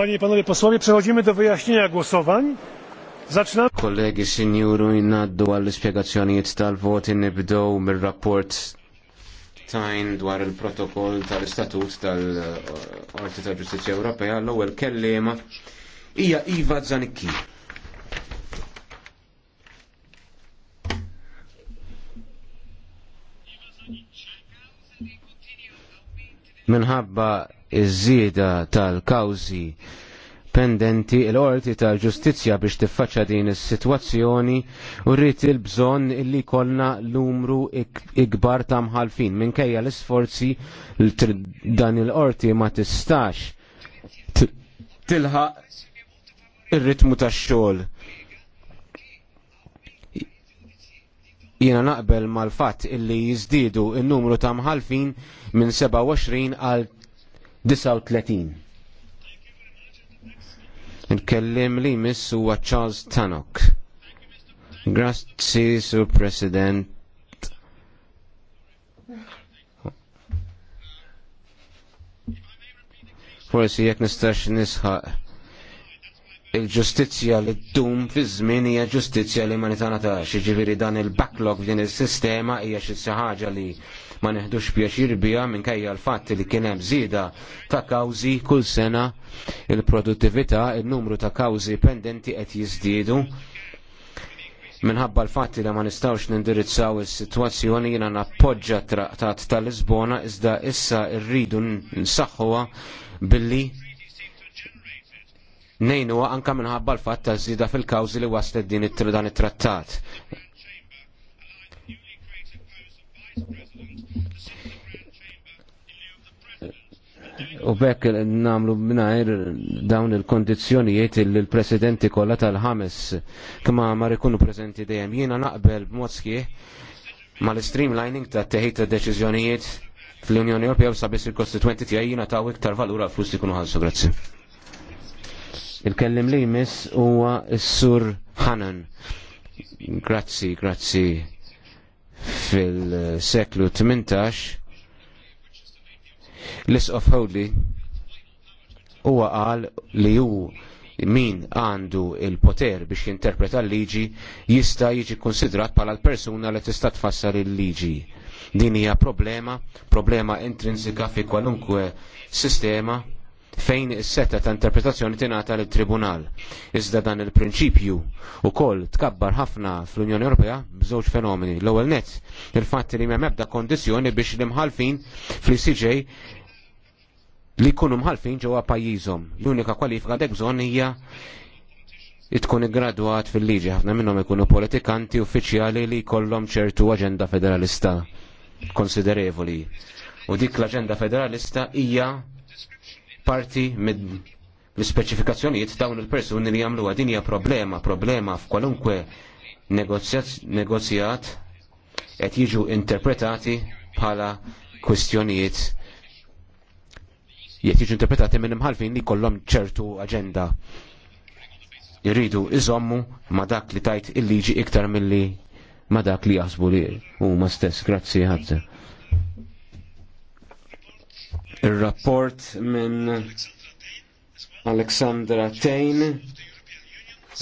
Panie i panowie posłowie, przechodzimy do wyjaśnienia głosowań. Zaczynamy. Kolegi, sinjuru, innaddu għall-spiegazzjonijiet tal-voti nibdow mir-rapport tajn dwar il-protokoll tal-istatut tal-Orti tal-Ġustizja Ewropea l-ewwel kellima hija Iva Zanikki. Minħabba iż-żieda tal-kawżi pendenti l qorti tal-ġustizzja biex tiffaċċa din is-sitwazzjoni u rrid il-bżonn illi kollna l-umru ikbar ta' mħalfin minkejja l-isforzi dan il-qorti ma tistax tilħaq ir-ritmu tax-xogħol. Jiena naqbel mal-fatt illi jiżdiedu n numru ta' mħalfin minn 27 għal 39. il li miss huwa Charles Tannock. Grazzi, su President. Forsi jekk nistax nisħaq il-ġustizja li d-dum fi żmien hija ġustizja li ma nitanatax, jiġifieri dan il-backlog din is-sistema hija xi ħaġa li ma neħdux pjaċir bija minkejja l fat li kien hemm żieda ta' kawżi kull sena il-produttività, il-numru ta' kawżi pendenti qed jiżdiedu. Minħabba l fat li ma nistawx nindirizzaw is-sitwazzjoni jiena nappoġġa trattat tal-Lisbona iżda issa rridu nsaħħuha billi nejnu anka minħabba l-fatt ta' zida fil-kawzi li waslet din it tridan it-trattat. u bekk namlu minnajr dawn il-kondizjonijiet il-presidenti kollha tal-ħames kma mar ikunu prezenti dejjem jiena naqbel b'mod ma mal-streamlining ta' teħit ta' deċiżjonijiet fl-Unjoni Ewropea u sabiex il-kostituenti tiegħi jiena taw iktar valura flus ikunu ħalsu grazzi. Il-kellim li jmiss huwa s-sur Hanan. Grazzi, grazzi fil-seklu 18 L-isqof Howley huwa qal li hu min għandu il-poter biex jinterpreta l-liġi jista jiġi konsidrat pala l-persuna li tista tfassar il-liġi. Din hija problema, problema intrinsika fi kwalunkwe sistema fejn is-setta ta' interpretazzjoni tingħata lit tribunal Iżda dan il-prinċipju wkoll tkabbar ħafna fl-Unjoni Ewropea b'żewġ fenomeni. L-ewwel nett il-fatt li m'hemm ebda kondizzjoni biex l-imħalfin fl-ICJ li jkunu mħalfin ġewwa pajjiżhom. L-unika kwalifika dek bżonn hija tkun igradwat fil-liġi ħafna minnhom ikunu politikanti uffiċjali li jkollhom ċertu aġenda federalista konsiderevoli. U dik l-aġenda federalista hija parti mid-speċifikazzjonijiet dawn il-persuni li jagħmluha din hija problema, problema f'kwalunkwe negozjat qed jiġu interpretati bħala kwistjonijiet jiet jiġu interpretati minn imħalfin li kollom ċertu aġenda jiridu iżommu ma dak li tajt il-liġi iktar milli ma dak li jasbu li huma stess. Grazzi ħadd il-rapport minn Aleksandra Tejn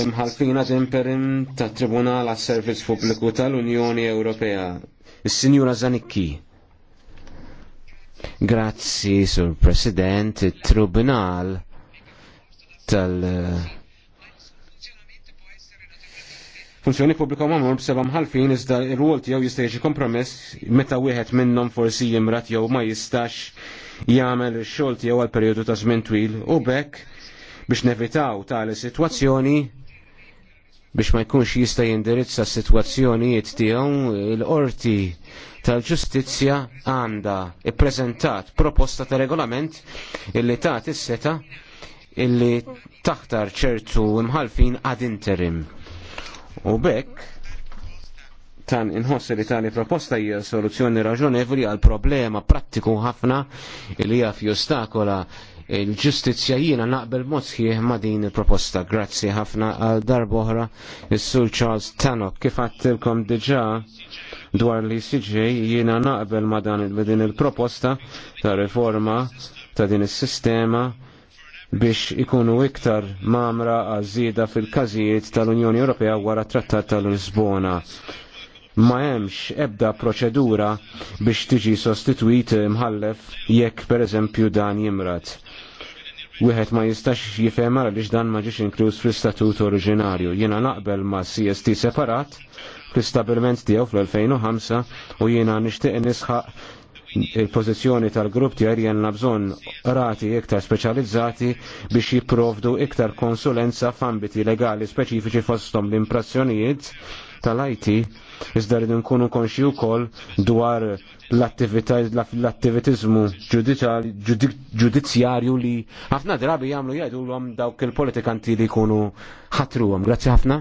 imħalfina temperim ta' Tribunal għas Servizz Pubbliku tal-Unjoni Ewropea, il-Sinjura Zanikki. Grazzi, Sur President, il-Tribunal tal- funzjoni pubblika ma mur b'seba mħalfin iżda r-rwol tiegħu jista' jiġi kompromess meta wieħed minnhom forsi jimrat jew ma jistax jagħmel x-xogħol tiegħu għal perjodu ta' żmien twil u bekk biex nevitaw tali sitwazzjoni biex ma jkunx jista' jindirizza s-sitwazzjonijiet tiegħu l-qorti tal-ġustizzja għandha ippreżentat proposta ta' regolament illi tagħti is-seta illi taħtar ċertu imħalfin ad interim. U bekk tan inħoss li tali proposta hija soluzzjoni raġonevoli għal problema prattiku ħafna li hija fjostakola il ġustizzja jiena naqbel mozħieħ ma din il-proposta. Grazzi ħafna għal darboħra il-Sur Charles Tanok. Kif għattilkom diġa dwar li siġej jiena naqbel ma dan il-din il-proposta ta' reforma ta' din il-sistema biex ikunu iktar mamra għazida fil-każijiet tal-Unjoni Ewropea wara trattat tal-Lisbona. Ma hemmx ebda proċedura biex tiġi sostituit mħallef jekk pereżempju dan jimrat. Wieħed ma jistax jifhem għaliex dan ma ġiex inkluż fl-istatut oriġinarju. Jiena naqbel ma' CST separat fl-istabilment tiegħu fl-2005 u jiena nixtieq nisħaq il-pozizjoni tal-grupp tiegħi jenna bżonn rati iktar speċjalizzati biex jipprovdu iktar konsulenza f'ambiti legali speċifiċi fosthom l-impressjonijiet tal-IT iżda rridu nkunu konxi wkoll dwar l-attivitizmu ġudizzjarju li ħafna drabi jagħmlu jgħidulhom dawk il-politikanti li jkunu ħatruhom. Grazzi ħafna.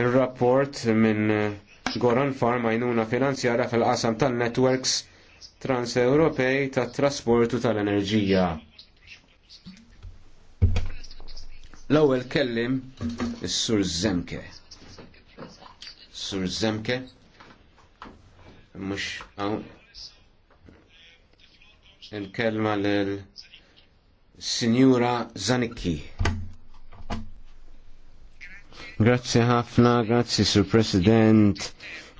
Il-rapport minn Goran Farm għajnuna finanzjara fil-qasam tal-networks trans-Ewropej tat trasportu tal-enerġija. L-ewwel kellim is-Sur Zemke. Sur Zemke mhux il-kelma lil Sinjura Zanikki. Grazzi ħafna, grazzi Sur President.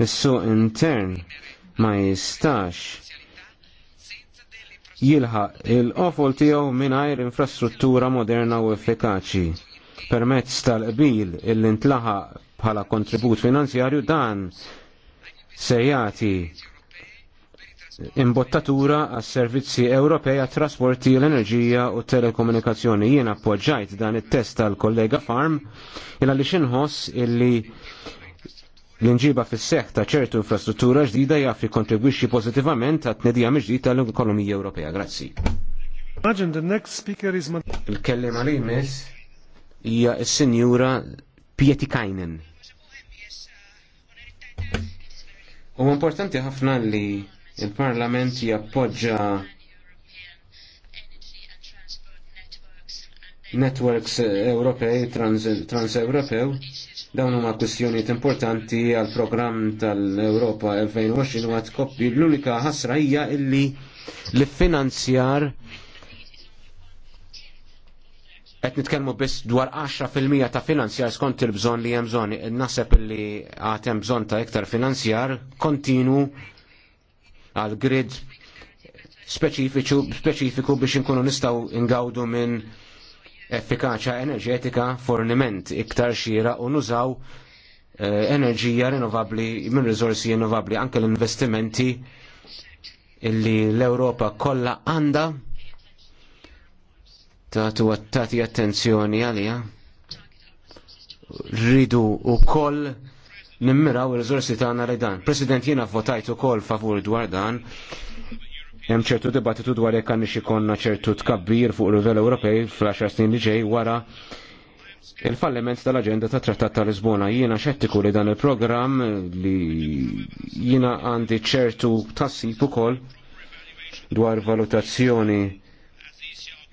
Is-suq intern ma jistax jilħaq il-qofol tiegħu mingħajr infrastruttura moderna u effikaċi. Permezz tal-qbil il-intlaħaq bħala kontribut finanzjarju dan se jagħti imbottatura għas servizzi Ewropej għat trasporti l-enerġija u telekomunikazzjoni. Jien appoġġajt dan it-test tal-kollega Farm illa li xinħoss illi l-inġiba fis seħħ ta' ċertu infrastruttura ġdida jaffi kontribwixxi pożittivament għat tnedija miġdid tal-ekonomija Ewropea. Grazzi. Il-kellim għal-imis hija s-sinjura Pietikainen. U importanti ħafna li Il-Parlament jappoġġa networks Ewropej, trans-Ewropew, dawn huma kwistjonijiet importanti għal programm tal-Ewropa 2020 għad koppi l-unika ħasra hija illi l-finanzjar qed nitkellmu biss dwar 10% ta' finanzjar skont il-bżonn li hemm bżonn, naħseb illi għad hemm bżonn ta' iktar finanzjar kontinu għal grid speċifiku biex inkunu nistaw ingawdu minn effikaċa enerġetika forniment iktar xira u nużaw eh, enerġija rinnovabli minn risorsi rinnovabli anke l-investimenti illi l-Europa kollha għandha tagħtu attenzjoni għalija rridu u koll nimmiraw il-rizorsi tagħna li dan. President jiena votajt ukoll favur dwar dan. Hemm ċertu dibattitu dwar jekk għanni xikonna ċertu tkabbir fuq livell Ewropej fl-10 snin li ġej wara Il-falliment tal-agenda ta' Trattat ta' Lisbona jiena xettiku li dan il-programm li jiena għandi ċertu tassib ukoll dwar valutazzjoni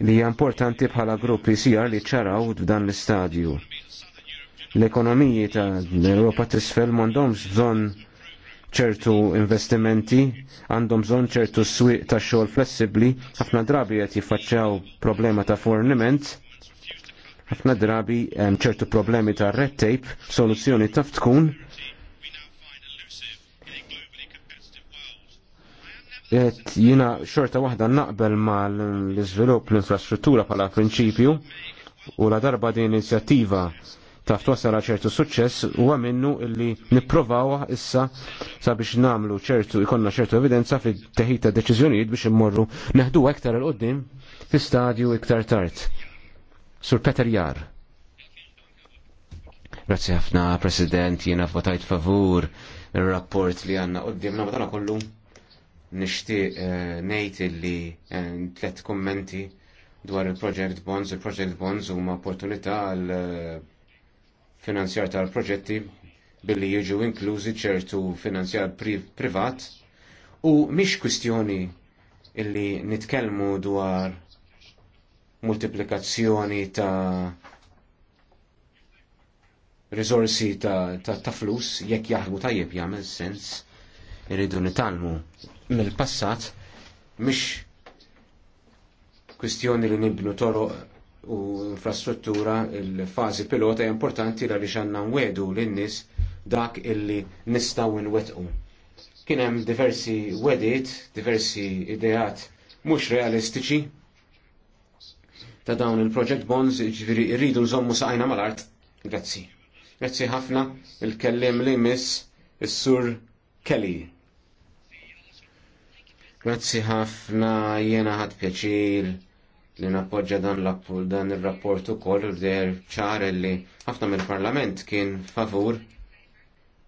li hija importanti bħala gruppi sijar li ċaraw f'dan l-istadju l-ekonomiji ta' l-Europa tisfel m'għandhomx bżonn ċertu investimenti, għandhom bżonn ċertu swieq ta' xogħol flessibbli, ħafna drabi qed jiffaċċjaw problema ta' forniment, ħafna drabi hemm ċertu problemi ta' red tape, soluzzjoni ta' tkun Et jina xorta wahda naqbel ma l-izvilup l-infrastruttura pala prinċipju u la darba din inizjattiva taf twasal ċertu suċċess huwa minnu illi niprovaw issa sabiex namlu ċertu ikonna ċertu evidenza fit teħita ta' deċiżjonijiet biex immorru neħdu iktar il qoddim fi stadju iktar tard. Sur Peter Jar. Grazzi ħafna, President, jiena votajt favur il-rapport li għanna qoddim. Na tana kollu nishti eh, nejt illi eh, tlet kommenti dwar il-Project Bonds. Il-Project Bonds huma opportunità għal eh, finanzjar tal-proġetti billi jiġu inklużi ċertu finanzjar privat u mhix kwistjoni illi nitkellmu dwar multiplikazzjoni ta' risorsi ta', ta, ta flus jekk jaħdmu tajjeb jagħmel sens irridu nitalmu mill-passat mhix kwistjoni li nibnu toroq u infrastruttura il-fazi pilota importanti la li xanna nwedu l innis dak illi nistaw nwettqu. Kien hemm diversi wedit, diversi ideat mhux realistiċi ta' dawn il-project bonds ġviri irridu nżommu saqajna mal-art. Grazzi. Grazzi ħafna il-kellim li miss is-sur Kelly. Grazzi ħafna jena ħad pjaċir li nappoġġa dan l-appul dan il-rapport ukoll der ċar li ħafna mill-Parlament kien favur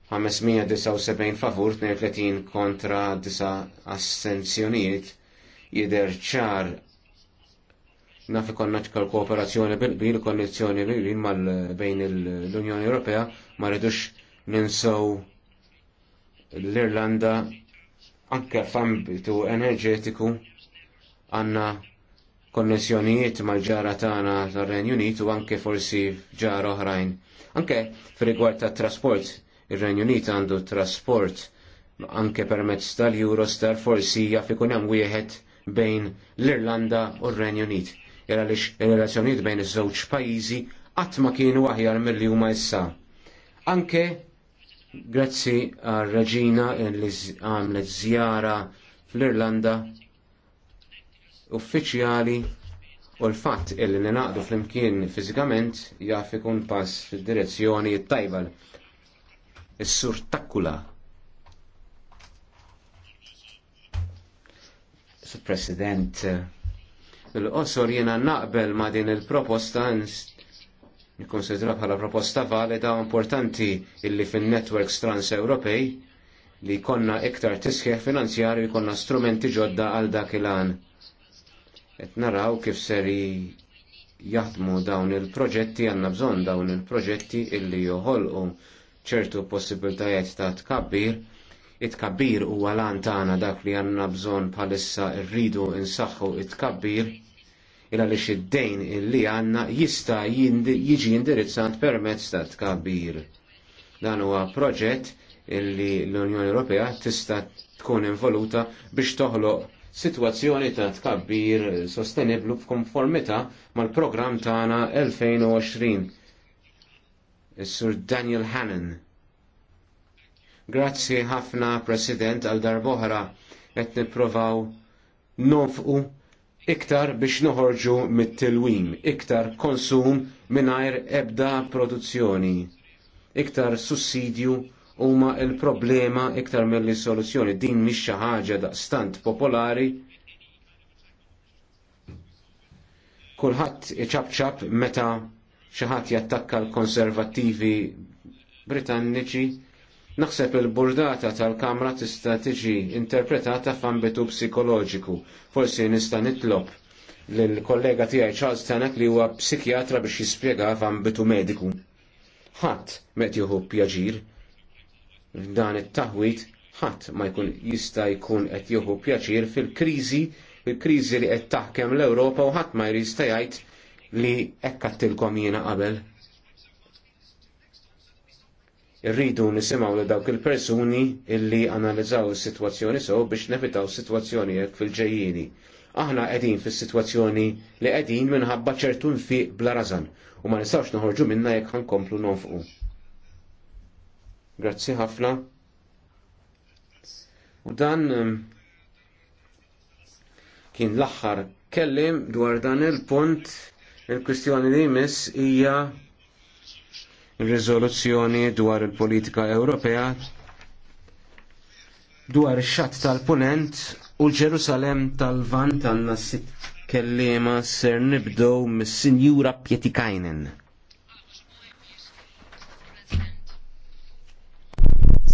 579 favur 32 kontra 9 assenzjonijiet jider ċar naf ikonna ċkar kooperazzjoni bil kondizzjoni li kondizzjoni mal bejn l-Unjoni Ewropea ma rridux ninsow l-Irlanda anke f'ambitu enerġetiku għanna konnessjonijiet mal-ġara tagħna tar-Renju Unit u anke forsi ġara oħrajn. Anke fir-rigward tat-trasport, ir-Renju Unit għandu trasport anke permezz tal-Eurostar forsi hija fikun hemm wieħed bejn l-Irlanda u r-Renju Unit. Jara li relazzjonijiet bejn iż-żewġ pajjiżi qatt ma kienu aħjar milli huma issa. Anke grazzi għar Reġina li għamlet żjara fl-Irlanda uffiċjali u l-fatt illi ninaqdu flimkien fiżikament jaf ikun pass fid-direzzjoni tajba is-sur takkula. Sur President, l-qosor jiena naqbel ma' din il-proposta konsidra bħala proposta valida u importanti illi fin-networks trans-Ewropej li konna iktar tisħieħ finanzjarju jkollna strumenti ġodda għal dak il-għan qed naraw kif seri jaħdmu dawn il-proġetti għandna bżonn dawn il-proġetti illi joħolqu ċertu possibiltajiet ta' tkabbir it-kabbir u għalan tagħna dak li għandna bżonn bħalissa rridu insaħħu it-kabbir illa li xiddejn illi għandna jista jiġi indirizzat permezz ta' tkabbir. Dan huwa proġett illi l-Unjoni Ewropea tista' tkun involuta biex toħloq situazzjoni ta' tkabbir sosteniblu f'konformità mal-programm tagħna 2020. Is-Sur Daniel Hannan. Grazzi ħafna President għal darboħra qed nipprovaw nofqu iktar biex noħorġu mit-tilwim, iktar konsum mingħajr ebda produzzjoni, iktar sussidju huma il-problema iktar mill soluzzjoni din mhix xi ħaġa daqstant popolari kulħadd iċabċab meta xi ħadd jattakka l-konservattivi Britanniċi Naħseb il-burdata tal-kamra tista' tiġi interpretata f'ambitu psikoloġiku. Forsi nista' nitlob lill-kollega tiegħi Charles Tanak li huwa psikjatra biex jispjega f'ambitu mediku. Ħadd met jieħu pjaġir f'dan it-taħwit ħadd ma jkun jista' jkun qed jieħu pjaċir fil-kriżi, fil-kriżi li qed taħkem l-Ewropa u ħadd ma jista' jgħid li hekk kattilkom jiena qabel. Irridu nisimgħu li dawk il-persuni illi analizzaw is-sitwazzjoni sew biex nevitaw sitwazzjoni hekk fil-ġejjieni. Aħna qegħdin fis-sitwazzjoni li qegħdin minħabba ċertu nfiq bla razan u ma nistgħux noħorġu minna jekk ħankomplu nonfqu. Grazzi ħafna. U dan ehm, kien l-aħħar kellim dwar dan il-punt il-kwistjoni li jmiss hija riżoluzzjoni dwar il-politika Ewropea dwar ix-xatt tal-Punent u l-Ġerusalem tal-Vant għandna sitt kelliema ser nibdew mis-Sinjura Pietikajnen.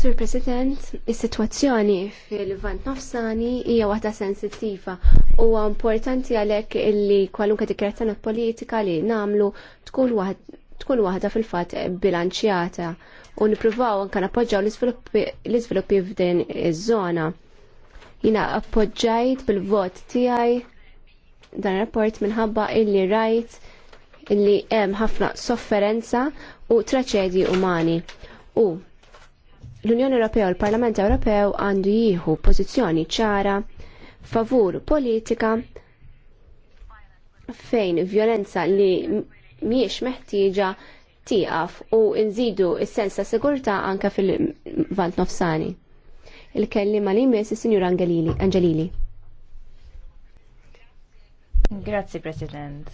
Sur President, is-sitwazzjoni fil-Vant Nofsani hija waħda sensittiva u importanti għalhekk li kwalunkwe dikjarazzjoni politika li nagħmlu tkun waħda fil-fatt bilanċjata u nippruvaw anke nappoġġaw l-iżviluppi f'din iż-żona. Jina appoġġajt bil-vot tiegħi dan rapport minħabba illi rajt illi hemm ħafna sofferenza u traċedji umani. U l-Unjoni Ewropea u l-Parlament Ewropew għandu jieħu pożizzjoni ċara favur politika fejn violenza li miex meħtieġa tieqaf u nżidu s-sens ta' sigurtà anke fil-vant nofsani. Il-kellima li jmiss is-Sinjur Angelili. Grazie President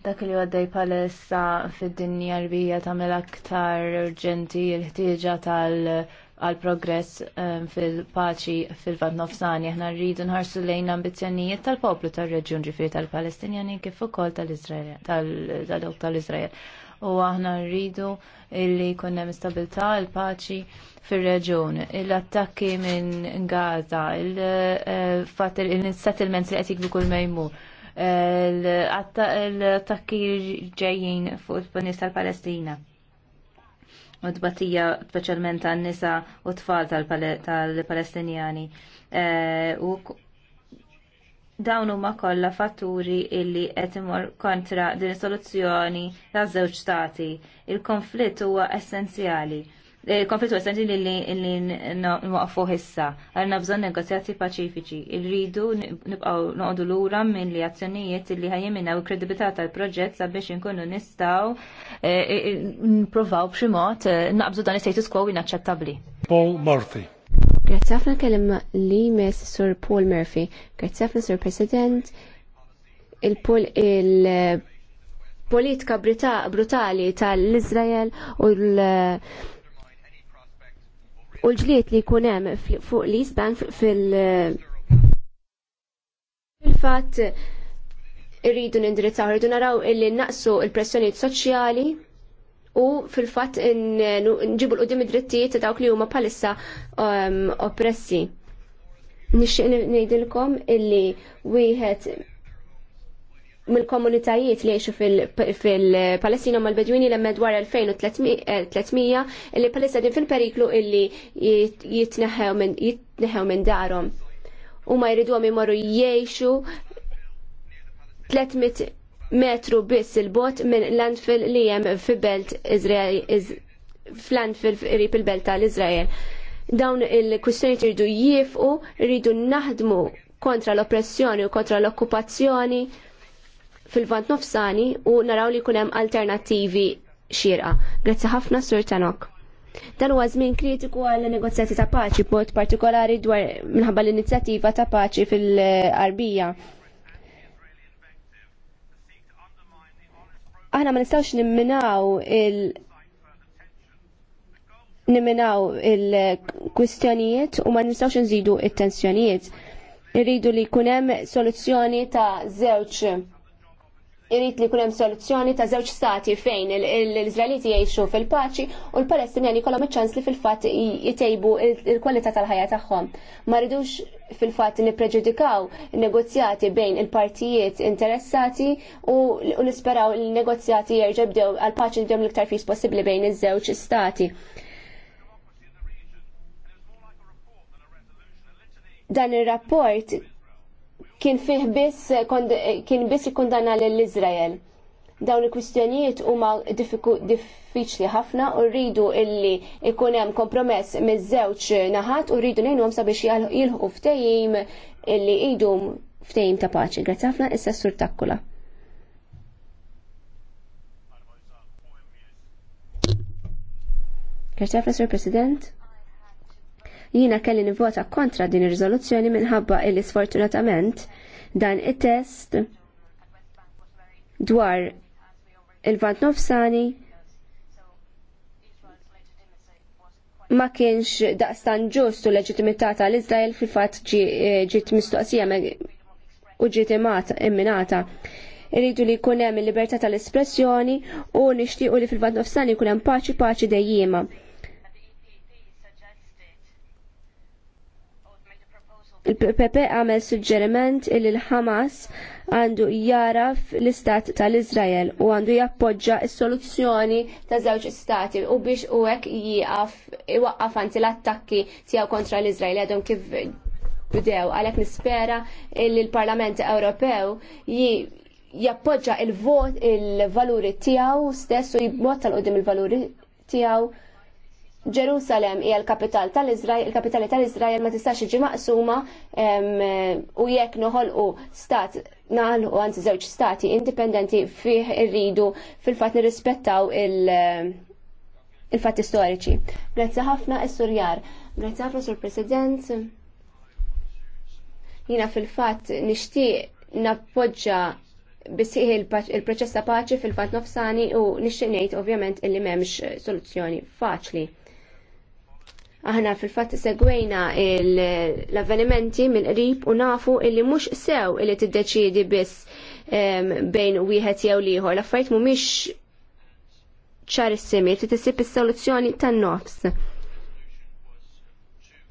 dak li għaddej palessa fid-dinja rbija tagħmel aktar urġenti l-ħtieġa tal-progress ehm, fil-paċi fil vat nofsani. Aħna rridu nħarsu lejn l-ambizzjonijiet tal-poplu tar-reġjun ġifiri tal-Palestinjani kif ukoll tal izrael tal izrael U aħna rridu illi jkun hemm l-paċi fir-reġjun. Il-attakki minn Gaza, il eh, fat il-settlements li qed jikbu kull ma l-attakki ġejjin fuq il-Panis tal-Palestina. U tbatija speċjalment għan nisa u t tfal tal-Palestinjani. Eh, u dawn huma kollha fatturi illi qed imur kontra din is-soluzzjoni taż-żewġ stati. Il-konflitt huwa essenzjali konflitt westanti li n-waqfu hissa. Għarna bżon negozjati paċifiċi. Irridu nibqaw noqdu l-ura minn li azzjonijiet li u kredibilità tal-proġett sabiex inkunu nistaw eh, eh, eh, nprovaw b'ximot naqbżu dan il status quo inaċċettabbli. Paul Murphy. Grazzi ħafna kellem li mes Sur Paul Murphy. Grazzi ħafna Sur President. Il-Pol il-politika brutali tal-Izrael u l- u l-ġliet li jkun hemm fuq l jisban fil- fil-fatt irridu nindirizzaw, irridu naraw illi naqsu il-pressjonijiet soċjali u fil-fatt nġibu l qoddim id-drittijiet dawk li huma palissa um, oppressi. Nixtieq ngħidilkom illi wieħed mill-komunitajiet li jiexu fil-Palestina mal bedwini l dwar 2300 li palissa din fil-periklu illi jitneħew minn darom. U ma jridu għam imorru jiexu 300 metru biss il-bot minn landfill li jem fi belt Izrael, fl-landfill rip il-belt tal-Izrael. Dawn il-kustjoni rridu jifqu, rridu naħdmu kontra l-oppressjoni u kontra l-okkupazzjoni fil-vant nofsani u naraw li kunem alternativi xirqa. Grazzi ħafna Sur Tanok. Dan huwa żmien kritiku għall negozjati ta' paċi b'mod partikolari dwar minħabba l-inizjattiva ta' paċi fil-qarbija. Aħna ma nistgħux nimminaw il- niminaw il-kwistjonijiet u ma nistgħux nżidu it-tensjonijiet. Irridu li jkun hemm soluzzjoni ta' żewġ irrit li kulem soluzzjoni ta' żewġ stati fejn l-Izraeliti jgħixu fil-paċi u l-Palestinjani kolom iċ-ċans li fil-fatt jitejbu il-kwalità tal-ħajja tagħhom. Ma rridux fil-fatt nippreġudikaw negozjati bejn il-partijiet interessati u nisperaw il negozjati jerġa' bdew għal-paċi bdew l-iktar fis possibbli bejn iż-żewġ stati. Dan ir-rapport kien fih biss eh, eh, kien biss ikkundanna lill iżrael Dawn il-kwistjonijiet huma diffiċli ħafna u rridu illi ikun hemm kompromess miż-żewġ naħat u rridu ngħinhom sabiex jilħu ftehim illi idum ftehim ta' paċi. Grazzi ħafna issa sur takkula. Grazzi ħafna sur President. Jiena kelli nivvota kontra din ir-riżoluzzjoni minħabba illi sfortunatament dan it-test dwar il-vant nofsani ma kienx daqstan ġustu leġitimità tal-Izrael fil-fatt eh, ġiet mistoqsija u ġiet imminata irridu li jkun hemm il-libertà tal-espressjoni u nixtiequ li fil vant nofsani jkun hemm paċi paċi dejjima. il-Pepe għamel suġġeriment il il-Hamas għandu jaraf l-istat tal-Izrael u għandu jappoġġa s-soluzzjoni ta' żewġ stati u biex u hekk jiqaf iwaqqaf għanti l-attakki tiegħu kontra l-Izrael għadhom kif bdew għalhekk nispera li l-Parlament Ewropew jappoġġa il-vot il-valuri tiegħu stess u jibmod tal il-valuri tiegħu Ġerusalem hija l-kapital tal-Iżrael, il-kapitali tal-Iżrael ma tistax iġi maqsuma u jekk noħolqu stat naħlqu għanzi żewġ stati indipendenti fih irridu fil-fatt nirrispettaw il fatti storiċi. Grazzi ħafna is-Surjar. Grazzi ħafna Sur President. Jina fil-fatt nixtieq nappoġġa bisih il-proċess ta' paċi fil-fatt nofsani u nixtieq ovvjament illi m'hemmx soluzzjoni faċli Aħna fil-fatt segwejna l-avvenimenti minn qrib u nafu illi mhux sew illi tiddeċiedi biss bejn wieħed jew liħor. L-affarijiet mhumiex ċar is-simir, trid is-soluzzjoni tan-nofs.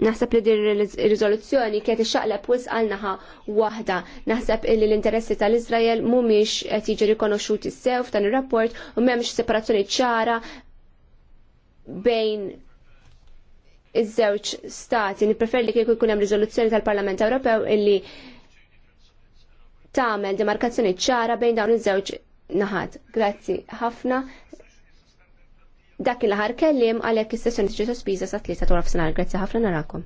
Naħseb li din ir-riżoluzzjoni kienet ixaqleb wisq għalnaħa waħda. Naħseb li l-interessi tal-Iżrael mhumiex qed jiġi rikonoxxuti sew f'dan ir-rapport u m'hemmx separazzjoni ċara bejn iż-żewġ stati, nippreferi li kieku jkun hemm riżoluzzjoni tal-Parlament Ewropew illi tagħmel demarkazzjoni ċara bejn dawn iż-żewġ naħat. Grazzi ħafna. Dak il-ħar kellim għalhekk is-sessjoni tiġi sospiża sa tlieta tura f'sinhar. Grazzi ħafna narakom.